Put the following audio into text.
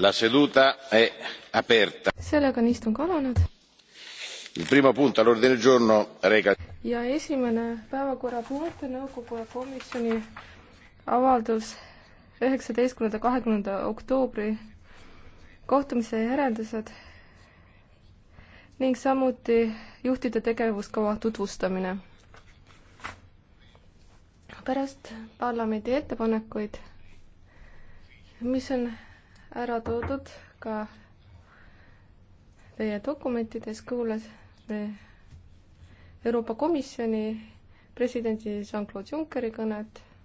La seduta è aperta. Sellega on istung alanud. Il primo punto all'ordine del giorno reca ja esimene päevakorrapunkt on nõukogu ja komisjoni avaldus üheksateistkümnenda, kahekümnenda oktoobri kohtumise järeldused ning samuti juhtide tegevuskava tutvustamine. pärast parlamendi ettepanekuid, mis on ära toodud ka teie dokumentides, kuulas Euroopa Komisjoni presidendi Jean-Claude Junckeri kõnet